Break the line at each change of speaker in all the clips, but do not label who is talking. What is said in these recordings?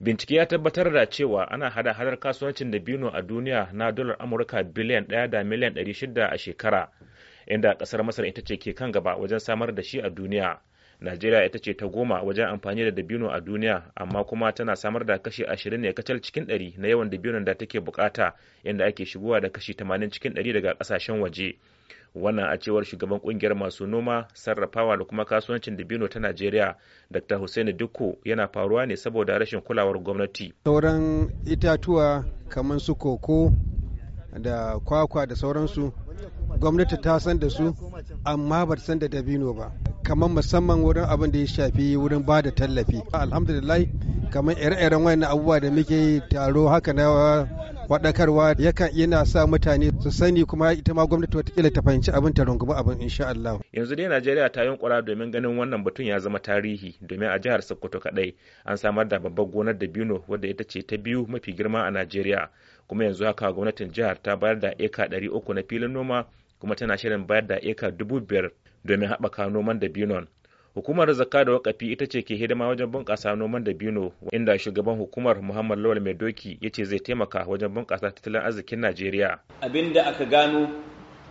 bincike ya tabbatar da cewa ana hada hadar kasuwancin dabino a duniya na dolar amurka biliyan ɗaya da miliyan ɗari shida a shekara inda kasar masar ita ce ke kan gaba wajen samar da shi a duniya najeriya ita ce ta goma wajen amfani da dabino a duniya amma kuma tana samar da kashi ashirin ne kacal cikin ɗari na yawan dabinon da take bukata inda ake shigowa da kashi tamanin cikin ɗari daga kasashen waje wannan a cewar shugaban kungiyar masu noma sarrafawa da kuma kasuwancin dabino ta najeriya dr hussaini dukko yana faruwa ne saboda rashin kulawar gwamnati
sauran itatuwa kamar su koko da kwakwa da sauransu gwamnati ta san da su amma ba san da dabino ba kamar musamman wurin abin da ya shafi wurin ba da tallafi alhamdulillah kamar ire-iren wani abubuwa da muke taro haka na wadakarwa yakan yana sa mutane su sani kuma ita ma gwamnati watakila ta fahimci abin ta rungumi abin insha Allah.
Yanzu dai Najeriya ta yunkura domin ganin wannan batun ya zama tarihi domin a jihar Sokoto kadai an samar da babbar gonar da dabino wadda ita ce ta biyu mafi girma a Najeriya kuma yanzu haka gwamnatin jihar ta bayar da eka 300 na filin noma kuma tana shirin bayar da eka biyar domin haɓaka noman da dabinon. hukumar zakka da wakafi ita ce ke hidima wajen bunƙasa noman da bino inda shugaban hukumar muhammad lawal mai doki ya ce zai taimaka wajen bunƙasa tattalin arzikin najeriya abin da aka gano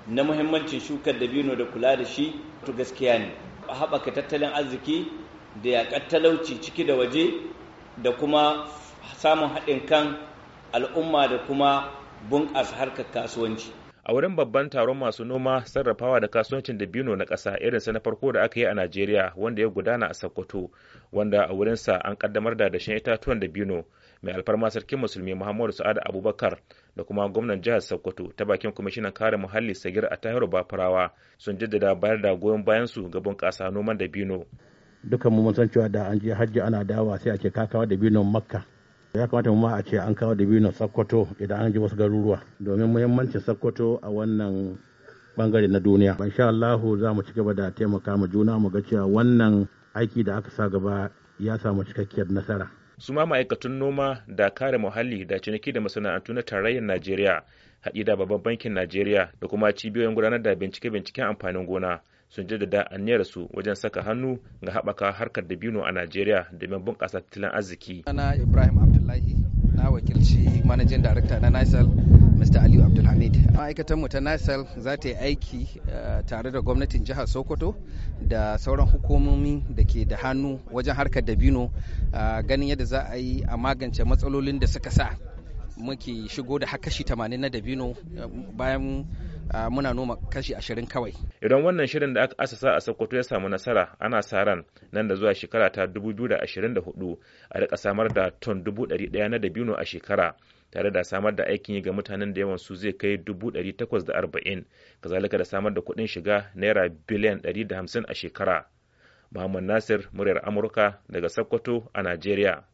na muhimmancin shukar da bino da kula da shi to gaskiya ne a haɓaka tattalin arziki da yaƙar talauci ciki da waje da kuma samun haɗin kan al'umma da kuma bunƙasa harkar kasuwanci a wurin babban taron masu noma sarrafawa da kasuwancin dabino na ƙasa irin su na farko da aka yi a najeriya wanda ya gudana a sokoto wanda a wurin sa an kaddamar da dashen itatuwan dabino mai alfarma sarkin musulmi muhammadu sa'ad abubakar da kuma gwamnan jihar sokoto ta bakin kwamishinan kare muhalli sagir a tahiru bafarawa sun jaddada bayar da goyon bayan su ga bunƙasa noman dabino
dukan mu mun san cewa da an je hajji ana dawa sai ake kakawa dabinon makka ya kamata mu a ce an kawo dabino sakkwato idan an ji wasu garuruwa domin muhimmancin sakkwato a wannan bangare na duniya insha Allah za mu ci gaba da taimaka mu juna mu ga cewa wannan aiki da aka sa gaba ya samu cikakkiyar nasara
su ma ma'aikatan noma da kare muhalli da ciniki da masana'antu na tarayyar Najeriya haɗi babban bankin Najeriya da kuma cibiyoyin gudanar da bincike-binciken amfanin gona sun jaddada su wajen saka hannu ga haɓaka harkar dabino a najeriya domin bunƙasa tattalin arziki ana
ibrahim abdullahi na wakilci manajan darakta na nisal mr aliyu abdulhamid ma'aikatanmu ta nisal za ta yi aiki eh, tare da gwamnatin jihar sokoto da sauran hukumomi da ke da hannu wajen harkar dabino eh, ganin yadda za a yi a magance matsalolin da suka sa muke shigo da hakashi 80 na dabino eh, bayan muna noma kashi ashirin kawai.
Idan wannan shirin da aka asasa a Sokoto ya samu nasara ana sa ran nan da zuwa shekara ta hudu a rika samar da ton dubu ɗaya na dabino a shekara. tare da samar da aikin yi ga mutanen da yawan su zai kai dubu takwas da arba'in kazalika da samar da kuɗin shiga naira biliyan da hamsin a shekara. Muhammad Nasir, muryar Amurka daga Sokoto a Najeriya.